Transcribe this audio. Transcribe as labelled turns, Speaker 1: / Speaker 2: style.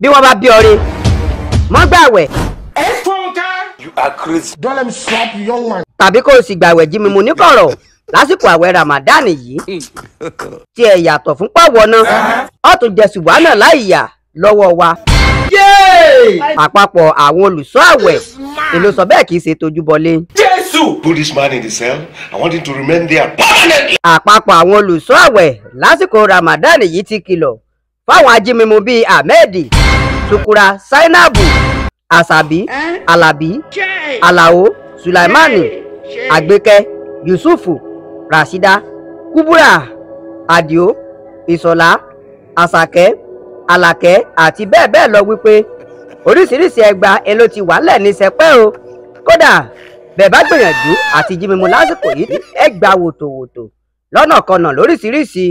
Speaker 1: bí wọ́n bá bí ọ̀rẹ́ mọ́ gbàwẹ̀. ẹ fọnká. you are crazy. don't let me slap you young man. tàbí kó o sì gbàwẹ̀ jí mi mu ní kọ̀rọ̀ lásìkò àwẹ̀ Ramadan yìí tí ẹ yàtọ̀ fún pàwọ̀ náà ó tún jẹ ṣùgbọ́nà láìyà lọ́wọ́ wa. àpapọ̀ àwọn olùṣọ́ àwẹ̀ èlò sọ bẹ́ẹ̀ kì í ṣe tojúbọlé. Jésù. put this man in the cell I want him to remain there permanently. àpapọ̀ àwọn olùṣọ́ àwẹ̀ lásìkò Ramadan yìí ti kìlọ̀ fáwọn ajínigbé bíi Ahmed sukura Sainabu, asabi eh? alabi alao sulaimani agbeke yusufu rasida kubura adio isola asake alake àti bẹ́ẹ̀ bẹ́ẹ̀ lọ wípé oríṣiríṣi ẹgba èlò ti wà lẹ̀ ní sẹpẹ́ o kódà bẹ́ẹ̀ bá gbìyànjú àti jí mímu lásìkò yìí ẹgbàá wòtòwòtò lọ́nà kọnà lóríṣiríṣi